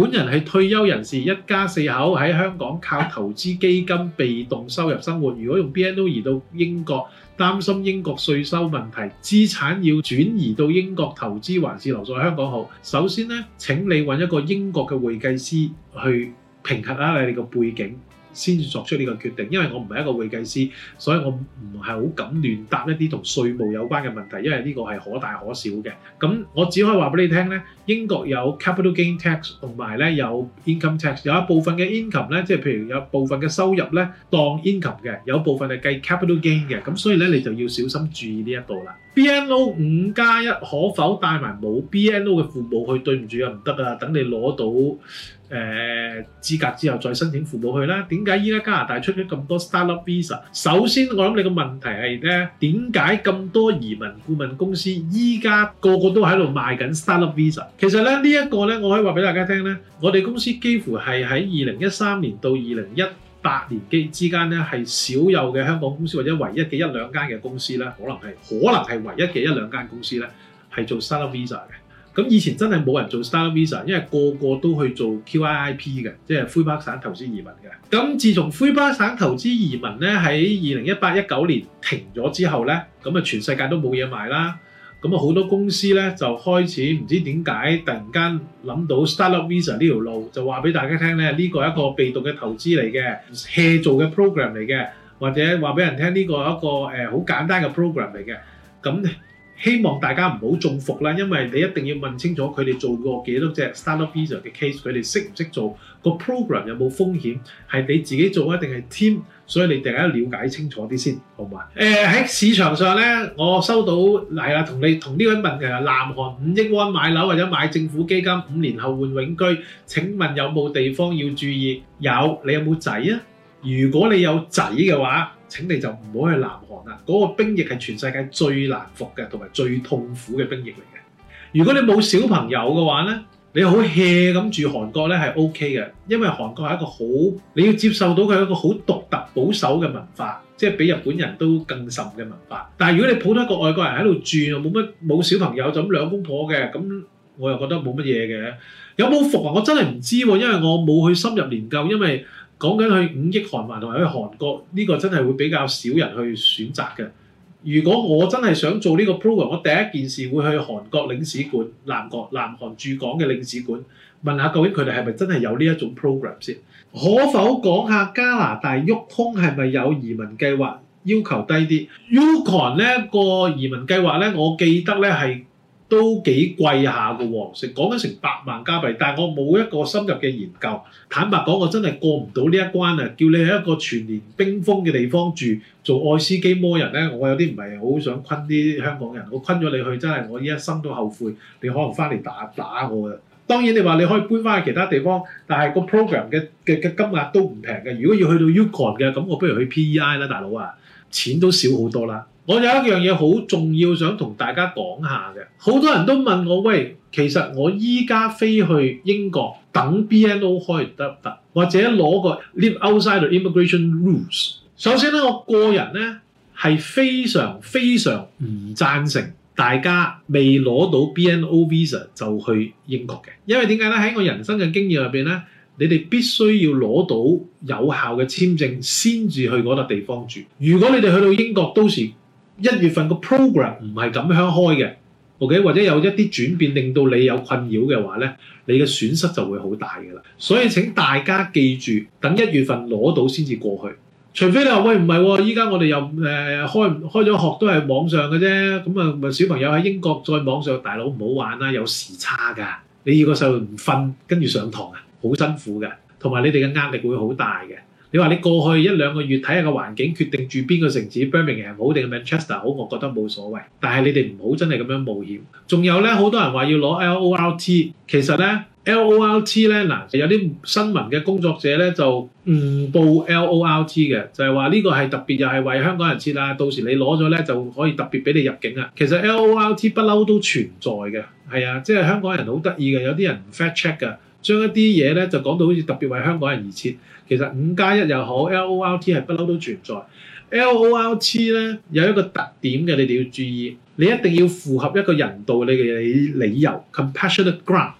本人係退休人士，一家四口喺香港靠投資基金被動收入生活。如果用 BNO 移到英國，擔心英國稅收問題，資產要轉移到英國投資，還是留咗喺香港好？首先咧，請你揾一個英國嘅會計師去評核下你哋個背景。先至作出呢個決定，因為我唔係一個會計師，所以我唔係好敢亂答一啲同稅務有關嘅問題，因為呢個係可大可小嘅。咁我只可以話俾你聽咧，英國有 capital gain tax 同埋咧有 income tax，有一部分嘅 income 咧，即係譬如有部分嘅收入咧當 income 嘅，有部分係計 capital gain 嘅，咁所以咧你就要小心注意呢一度啦。BNO 五加一可否帶埋冇 BNO 嘅父母去？對唔住啊，唔得啊！等你攞到誒資格之後再申請父母去啦。點解依家加拿大出咗咁多 Startup Visa？首先，我諗你個問題係咧，點解咁多移民顧問公司依家個個都喺度賣緊 Startup Visa？其實咧呢一個咧，我可以話俾大家聽咧，我哋公司幾乎係喺二零一三年到二零一八年幾之間咧，係少有嘅香港公司，或者唯一嘅一兩間嘅公司咧，可能係可能係唯一嘅一兩間公司咧，係做 Star Visa 嘅。咁以前真係冇人做 Star Visa，因為個個都去做 QIIP 嘅，即係魁北克省投資移民嘅。咁自從魁北克省投資移民咧喺二零一八一九年停咗之後咧，咁啊，全世界都冇嘢賣啦。咁啊，好多公司咧就開始唔知點解突然間諗到 Startup Visa 呢條路，就話俾大家聽咧，呢個一個被動嘅投資嚟嘅，協助嘅 program 嚟嘅，或者話俾人聽呢個一個誒好簡單嘅 program 嚟嘅。咁希望大家唔好中伏啦，因為你一定要問清楚佢哋做過幾多隻 Startup Visa 嘅 case，佢哋識唔識做個 program，有冇風險，係你自己做啊定係 team？所以你哋梗係要了解清楚啲先，好唔好啊？呃，喺市場上咧，我收到嚟啦，同你同呢位問嘅南韓五億蚊買樓或者買政府基金五年後換永居，請問有冇地方要注意？有，你有冇仔啊？如果你有仔嘅話，請你就唔好去南韓啦。嗰個兵役係全世界最難服嘅，同埋最痛苦嘅兵役嚟嘅。如果你冇小朋友嘅話咧，你好 hea 咁住韓國咧，係 OK 嘅，因為韓國係一個好你要接受到佢係一個好獨特保守嘅文化，即係比日本人都更甚嘅文化。但係如果你普通一個外國人喺度住，冇乜冇小朋友，就咁兩公婆嘅，咁我又覺得冇乜嘢嘅。有冇服啊？我真係唔知，因為我冇去深入研究。因為講緊去五億韓民同埋去韓國呢個真係會比較少人去選擇嘅。如果我真係想做呢個 program，我第一件事會去韓國領事館、南國、南韓駐港嘅領事館問下，究竟佢哋係咪真係有呢一種 program 先？可否講下加拿大 Yukon 係咪有移民計劃？要求低啲。Yukon 呢個移民計劃咧，我記得咧係。都幾貴下嘅喎，成講緊成百萬加幣，但係我冇一個深入嘅研究，坦白講，我真係過唔到呢一關啊！叫你喺一個全年冰封嘅地方住做愛斯基摩人咧，我有啲唔係好想昆啲香港人，我昆咗你去，真係我依一生都後悔。你可能翻嚟打打我呀。當然你話你可以搬翻去其他地方，但係個 program 嘅嘅嘅金額都唔平嘅。如果要去到 Yukon 嘅，咁我不如去 PEI 啦，大佬啊，錢都少好多啦。我有一樣嘢好重要，想同大家講下嘅。好多人都問我：喂，其實我依家飛去英國等 B N O 開得唔得？或者攞個 Leave Outside Immigration Rules？首先咧，我個人呢係非常非常唔贊成大家未攞到 B N O Visa 就去英國嘅，因為點解呢？喺我人生嘅經驗入面呢，你哋必須要攞到有效嘅簽證先至去嗰笪地方住。如果你哋去到英國，都時一月份個 program 唔係咁樣開嘅，OK？或者有一啲轉變令到你有困擾嘅話咧，你嘅損失就會好大嘅啦。所以請大家記住，等一月份攞到先至過去。除非你話喂唔係，依家、哦、我哋又誒、呃、開開咗學都係網上嘅啫，咁啊咪小朋友喺英國再網上，大佬唔好玩啦，有時差㗎。你要個細路唔瞓跟住上堂啊，好辛苦嘅，同埋你哋嘅壓力會好大嘅。你話你過去一兩個月睇下個環境，決定住邊個城市，Birmingham 好定 Manchester 好，我覺得冇所謂。但係你哋唔好真係咁樣冒險。仲有咧，好多人話要攞 L O L T，其實咧 L O L T 咧嗱，有啲新聞嘅工作者咧就誤報 L O L T 嘅，就係話呢個係特別又係為香港人設啦。到時你攞咗咧就可以特別俾你入境啊。其實 L O L T 不嬲都存在嘅，係啊，即係香港人好得意嘅，有啲人唔 fact check 㗎。將一啲嘢咧就講到好似特別為香港人而設，其實五加一又好，L O L T 係不嬲都存在。L O L T 咧有一個特點嘅，你哋要注意，你一定要符合一個人道你嘅理理由 （compassionate ground），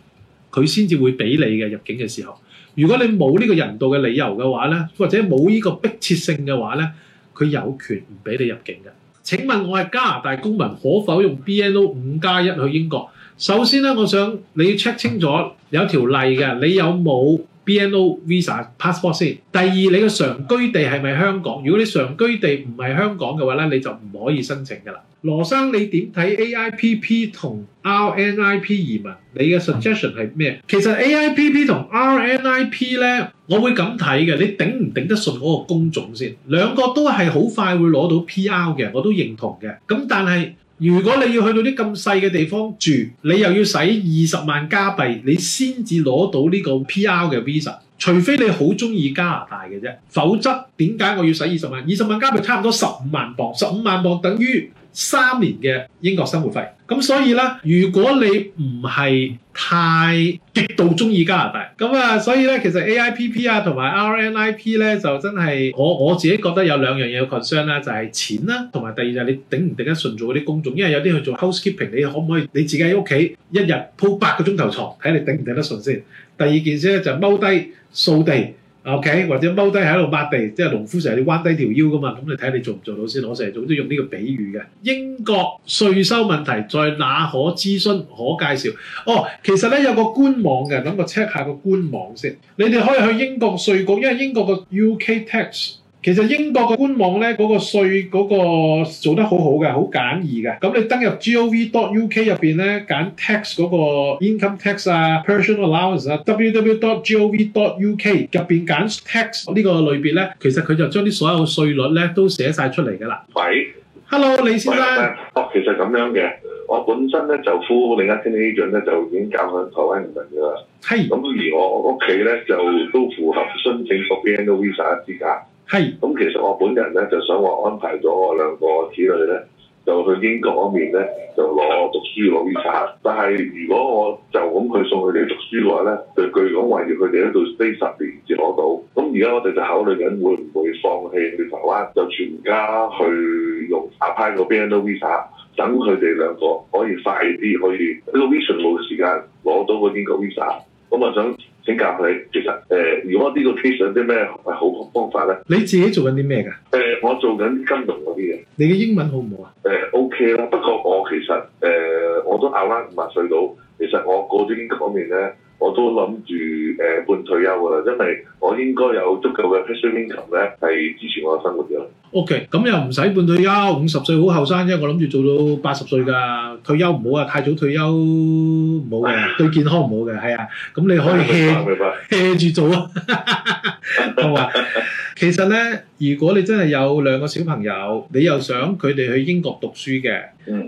佢先至會俾你嘅入境嘅時候。如果你冇呢個人道嘅理由嘅話咧，或者冇呢個迫切性嘅話咧，佢有權唔俾你入境嘅。請問我係加拿大公民，可否用 B N O 五加一去英國？首先咧，我想你要 check 清楚有條例嘅，你有冇 BNO Visa Passport 先。第二，你嘅常居地係咪香港？如果你常居地唔係香港嘅話咧，你就唔可以申請㗎啦。羅生，你點睇 AIPP 同 RNIP 移民？你嘅 suggestion 係咩？其實 AIPP 同 RNIP 咧，我會咁睇嘅。你頂唔頂得順嗰個工種先？兩個都係好快會攞到 PR 嘅，我都認同嘅。咁但係如果你要去到啲咁細嘅地方住，你又要使二十萬加幣，你先至攞到呢個 PR 嘅 Visa。除非你好鍾意加拿大嘅啫，否則點解我要使二十萬？二十萬加幣差唔多十五萬磅，十五萬磅等於，三年嘅英國生活費，咁所以咧，如果你唔係太極度中意加拿大，咁啊，所以咧，其實 AIPP 啊同埋 RNIP 咧，就真係我我自己覺得有兩樣嘢要 concern 啦，就係錢啦，同埋第二就係你頂唔頂得順做嗰啲工種，因為有啲去做 housekeeping，你可唔可以你自己喺屋企一日鋪八個鐘頭床，睇你頂唔頂得順先。第二件事咧就踎低掃地。O、Okay，或者踎低喺度抹地，即係農夫成日要彎低條腰噶嘛，咁你睇下你做唔做到先。我成日都用呢個比喻嘅。英國稅收問題在哪可諮詢可介紹？哦，其實咧有個官網嘅，等我 check 下個官網先。你哋可以去英國稅局，因為英國個 UK tax。其實英國嘅官網咧，嗰、嗰個稅嗰個做得好好嘅，好簡易嘅。咁你登入 gov dot uk 入邊咧，揀 tax 嗰個 income tax 啊，personal allowance 啊，www dot gov dot uk 入邊揀 tax 呢個類別咧，其實佢就將啲所有嘅稅率咧都寫晒出嚟㗎啦。喂是，hello 李先生，哦，其實咁樣嘅，我本身咧就夫另一 agent 呢就已經教佢台灣移民㗎啦。係是。咁而我屋企咧就都符合申請個 BNO Visa 資格。係，咁是其實我本人咧就想話安排咗我兩個子女咧，就去英國嗰面咧，就攞讀書攞 visa。但係如果我就咁去送佢哋讀書嘅話咧，就據講話要佢哋喺度飛十年至攞到。咁而家我哋就考慮緊會唔會放棄去台灣，就全家去用阿派個 BNO visa，等佢哋兩個可以快啲可以呢、呢個 visa 冇時間攞到個英國 visa。咁啊想。請教佢，其實誒、呃，如果呢個 case 有啲咩好方法咧？你自己做緊啲咩㗎？誒、呃，我做緊金融嗰啲嘢。你嘅英文好唔好啊？誒、呃、OK 啦。不過我其實誒、呃，我都捱翻五廿歲到。其實我嗰咗英 n 面 o 咧，我都諗住誒半退休㗎啦，因為我應該有足夠嘅 p e s s i o n income 咧，係支持我嘅生活嘅。O.K. 咁又唔使半退休，五十歲好後生啫。因為我諗住做到八十歲㗎，退休唔好啊，太早退休唔好嘅，對健康唔好嘅。係啊，咁你可以 heahea 住做啊。明白，其實咧，如果你真係有兩個小朋友，你又想佢哋去英國讀書嘅，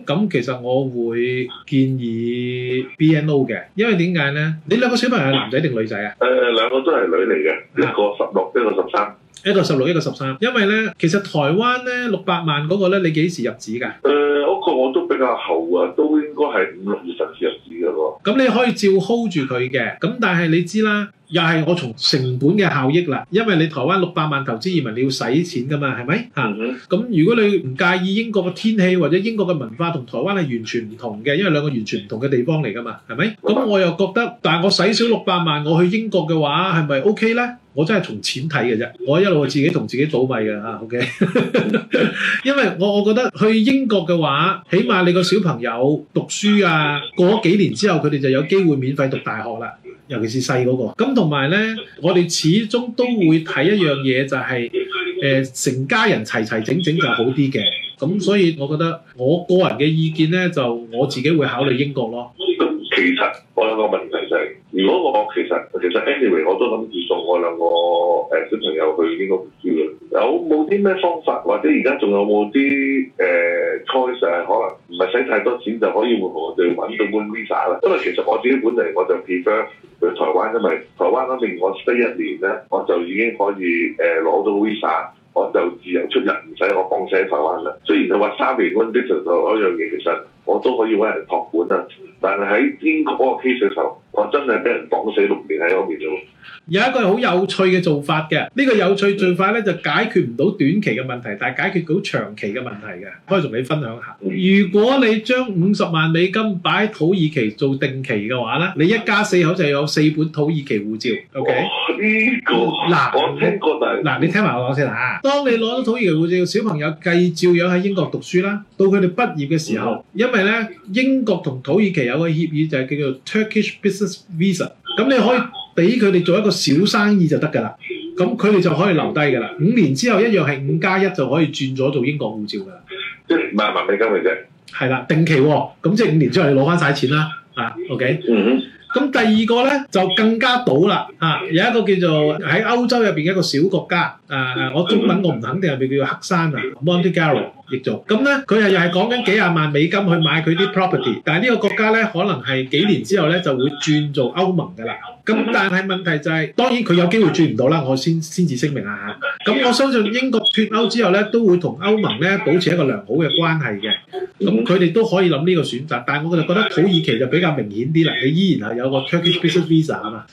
咁其實我會建議 BNO 嘅，因為點解咧？你兩個小朋友係男仔定女仔啊？誒，兩個都係女嚟嘅，一個十六，一個十三。一個十六，一個十三，因為咧，其實台灣咧六百萬嗰個咧，你幾時入紙㗎？呃，我嗰個我都比較後啊，都應該係五六月十日入紙嘅喎。咁你可以照 hold 住佢嘅，咁但係你知啦。又係我從成本嘅效益啦，因為你台灣六百萬投資移民你要使錢噶嘛，係咪？咁、mm hmm. 嗯、如果你唔介意英國嘅天氣或者英國嘅文化同台灣係完全唔同嘅，因為兩個完全唔同嘅地方嚟噶嘛，係咪？咁、mm hmm. 嗯、我又覺得，但我使少六百萬我去英國嘅話，係咪 OK 呢？我真係從錢睇嘅啫，我一路自己同自己倒命嘅 o k 因為我我覺得去英國嘅話，起碼你個小朋友讀書啊，過幾幾年之後，佢哋就有機會免費讀大學啦。尤其是細嗰個，咁同埋咧，我哋始終都會睇一樣嘢，就係，呃，成家人齊齊整整就好啲嘅。咁所以，我覺得我個人嘅意見咧，就我自己會考慮英國咯。咁其實我有個問題就係，如果我其實其實 anyway 我都諗住送我兩個誒小朋友去英國讀書啦。有冇啲咩方法，或者而家仲有冇啲誒 choice 可能唔係使太多錢就可以換到，就揾到 One visa 啦？因為其實我自己本嚟我就 prefer 去台灣，因為台灣嗰邊我 stay 一年咧，我就已經可以誒攞到 visa，我就自由出入，唔使我放棄台灣啦。雖然就話三年 One visa 嗰樣嘢其實～我都可以揾人託管啊。但係喺英國嗰個 case 嘅時候，mm hmm. 我真係俾人綁死六年喺嗰邊咯。有一個好有趣嘅做法嘅，呢、這個有趣最快咧就解決唔到短期嘅問題，但係解決到長期嘅問題嘅，可以同你分享下。Mm hmm. 如果你將五十萬美金擺喺土耳其做定期嘅話咧，你一家四口就有四本土耳其護照。Oh, OK？呢、這個嗱，啦我聽過嗱，你聽埋我講先嚇、啊。當你攞到土耳其護照，小朋友繼照樣喺英國讀書啦。到佢哋畢業嘅時候，mm hmm. 因為咧英國同土耳其有個協議，就係叫做 Turkish Business Visa，咁你可以俾佢哋做一個小生意就得㗎啦，咁佢哋就可以留低㗎啦。五年之後一樣係五加一就可以轉咗做英國護照㗎啦。即係五萬萬幾美金嚟啫。係啦，定期喎、哦，咁即係五年之後你攞翻晒錢啦。啊，OK 嗯哼。嗯咁第二個咧就更加賭啦嚇，有一個叫做喺歐洲入邊一個小國家啊，我中文我唔肯定係咪叫做黑山啊 Montenegro。亦咁呢，佢又又係講緊幾廿萬美金去買佢啲 property，但呢個國家呢，可能係幾年之後呢就會轉做歐盟噶啦。咁但係問題就係，當然佢有機會轉唔到啦，我先先至聲明啦。咁我相信英國脫歐之後呢，都會同歐盟呢保持一個良好嘅關係嘅。咁佢哋都可以諗呢個選擇，但係我就覺得土耳其就比較明顯啲啦，佢依然係有個 Turkey Business Visa 啊嘛。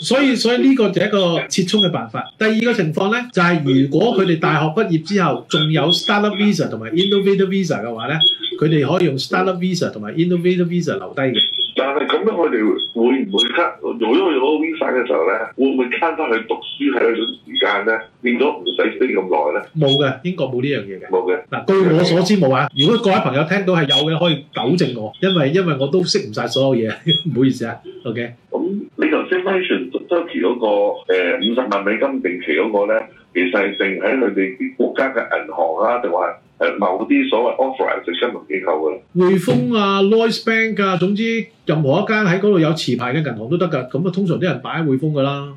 所以所以呢個就係一個折衷嘅辦法。第二個情況呢，就係、是、如果佢哋大學畢業之後仲有 startup visa 同埋 innovator visa 嘅話呢，佢哋可以用 startup visa 同埋 innovator visa 留低嘅。但係咁樣佢哋會唔會，佢哋會唔會攞咗嗰個 visa 嘅時候呢，會唔會攤返去讀書喺嗰段時間呢？變咗唔使追咁耐咧？冇嘅，英國冇呢樣嘢嘅。冇嘅。嗱，據我所知冇啊。如果各位朋友聽到係有嘅，可以糾正我，因為因為我都識唔晒所有嘢，唔好意思啊。OK。嗯。咁你頭先 mention 嗰個誒五十萬美金定期嗰個咧，其實定喺佢哋啲國家嘅銀行啊，定話誒某啲所謂 offering 商業機構㗎啦。匯豐啊，嗯，Lloyds Bank 啊，總之任何一間喺嗰度有持牌嘅銀行都得㗎。咁啊，通常啲人擺喺匯豐㗎啦。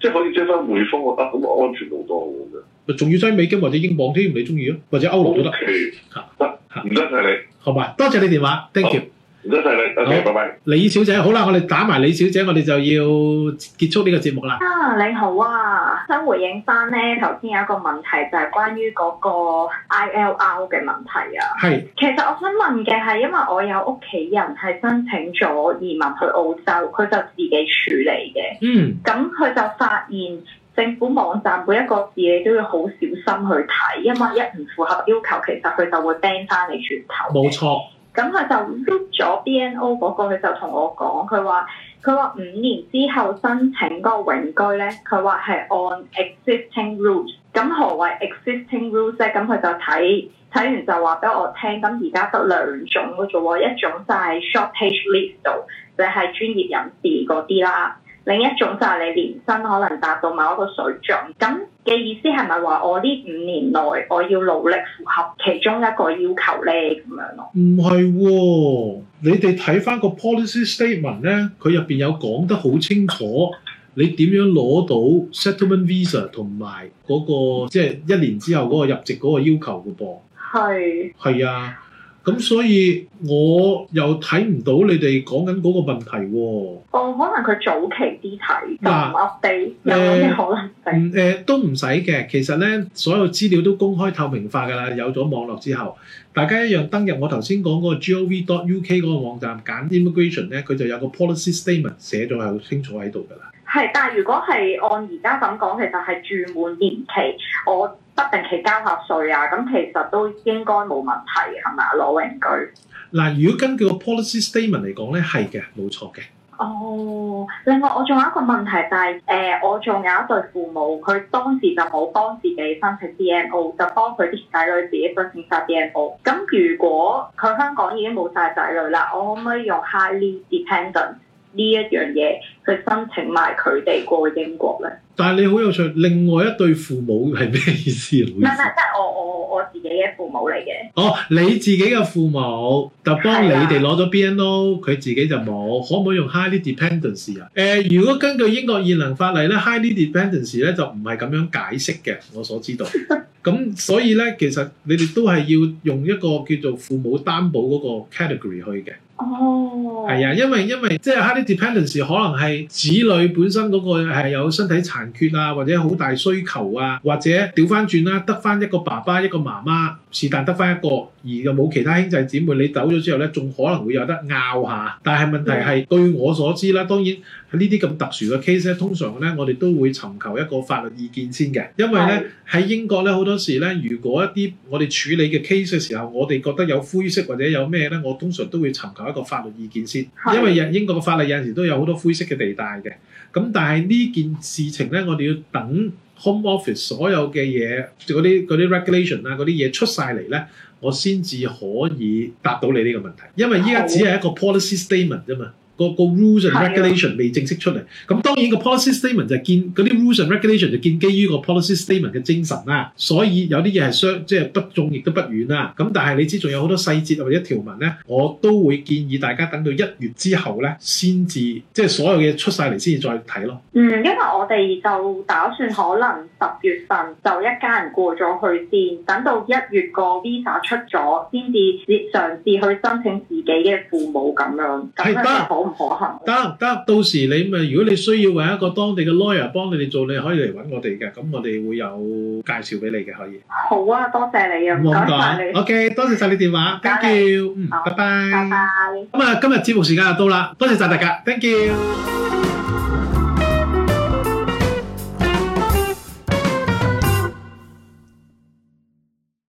即係可以追翻匯豐得，咁啊安全好多嘅。仲要追美金或者英鎊添，你中意啊？或者歐羅都得。得，唔該晒你，好嘛？多謝你電話，Thank you。唔該晒你，拜拜。 okay, bye bye，李小姐，好啦，我哋打埋李小姐，我哋就要結束呢個節目啦。啊，你好啊，想回應翻咧頭先有一個問題，就係、是、關於嗰個 ILR 嘅問題啊。係是。其實我想問嘅係，因為我有屋企人係申請咗移民去澳洲，佢就自己處理嘅。嗯。咁佢就發現政府網站每一個字，你都要好小心去睇，因為一唔符合要求，其實佢就會掟翻你轉頭。冇錯。咁佢就 read 咗 BNO 嗰個，佢就同我講，佢話佢話五年之後申請個永居咧，佢話係按 existing rules。咁何為 existing rules 咧？咁佢就睇睇完就話俾我聽。咁而家得兩種嘅啫，一種就係 shortage list 度，就係專業人士嗰啲啦。另一種就係你年薪可能達到某一個水準，咁嘅意思係咪話我呢五年內我要努力符合其中一個要求咧？咁樣咯，唔係喎，你哋睇翻個 policy statement 咧，佢入面有講得好清楚你、那個，你點樣攞到 settlement visa 同埋嗰個即係一年之後嗰個入籍嗰個要求嘅噃，係，係，係啊。咁所以我又睇唔到你哋講緊嗰個問題喎、啊。哦、呃，可能佢早期啲睇，但唔 update，有冇咩可能？唔、呃、都唔使嘅。其實咧，所有資料都公開透明化㗎啦。有咗網絡之後，大家一樣登入我頭先講嗰個 gov.uk 嗰個網站，揀 immigration 咧，佢就有個 policy statement 寫咗係好清楚喺度㗎啦。係，但係如果係按而家咁講，其實係住滿年期，我。不定期交納稅啊，咁其實都應該冇問題，係咪？攞永居嗱，如果根據個 policy statement 嚟講咧，係嘅，冇錯嘅。哦，另外我仲有一個問題就係，誒、呃，我仲有一對父母，佢當時就冇幫自己申請 BNO，就幫佢啲仔女自己申請晒 BNO。咁如果佢香港已經冇晒仔女啦，我可唔可以用 highly dependent？呢一樣嘢去申請埋佢哋過英國咧，但係你好有趣，另外一對父母係咩意思？唔係，即係我我我自己嘅父母嚟嘅。哦，你自己嘅父母就幫你哋攞咗 BNO，佢自己就冇，可唔可以用 highly dependency 啊的、呃？如果根據英國現能法例咧，highly dependency 咧就唔係咁樣解釋嘅，我所知道。咁 所以咧，其實你哋都係要用一個叫做父母擔保嗰個 category 去嘅。哦，係啊，因為因為即係 hard dependence 可能係子女本身嗰個係有身體殘缺啊，或者好大需求啊，或者調翻轉啦，得翻一個爸爸一個媽媽，是但得翻一個，而又冇其他兄弟姊妹，你走咗之後咧，仲可能會有得拗下。但係問題係據、嗯、我所知啦，當然呢啲咁特殊嘅 case 咧，通常咧我哋都會尋求一個法律意見先嘅，因為咧喺是英國咧好多時咧，如果一啲我哋處理嘅 case 嘅時候，我哋覺得有灰色或者有咩咧，我通常都會尋求，一個法律意見先，因為英英國嘅法律有陣時都有好多灰色嘅地帶嘅，咁但係呢件事情咧，我哋要等 Home Office 所有嘅嘢，嗰啲嗰啲 regulation 啊，嗰啲嘢出晒嚟咧，我先至可以答到你呢個問題，因為依家只係一個 policy statement 啫嘛。個個 rules and regulation 未正式出嚟，咁的當然、個 policy statement 就建，嗰啲 rules and regulation 就建基於個 policy statement 嘅精神啦。所以有啲嘢係相即係不中亦都不遠啦。咁但係你知仲有好多細節或者條文咧，我都會建議大家等到一月之後咧，先至即係所有嘢出晒嚟先至再睇咯。嗯，因為我哋就打算可能十月份就一家人過咗去先，等到一月個 visa 出咗先至嘗試去申請自己嘅父母咁樣。可行得得，到時你咪如果你需要揾一個當地嘅 lawyer 幫你哋做，你可以嚟揾我哋嘅，咁我哋會有介紹俾你嘅可以。好啊，多謝你啊，唔該曬你。Okay，多謝晒你電話，thank you，好 bye bye 拜拜。咁啊，今日節目時間就到啦，多謝晒大家，thank you。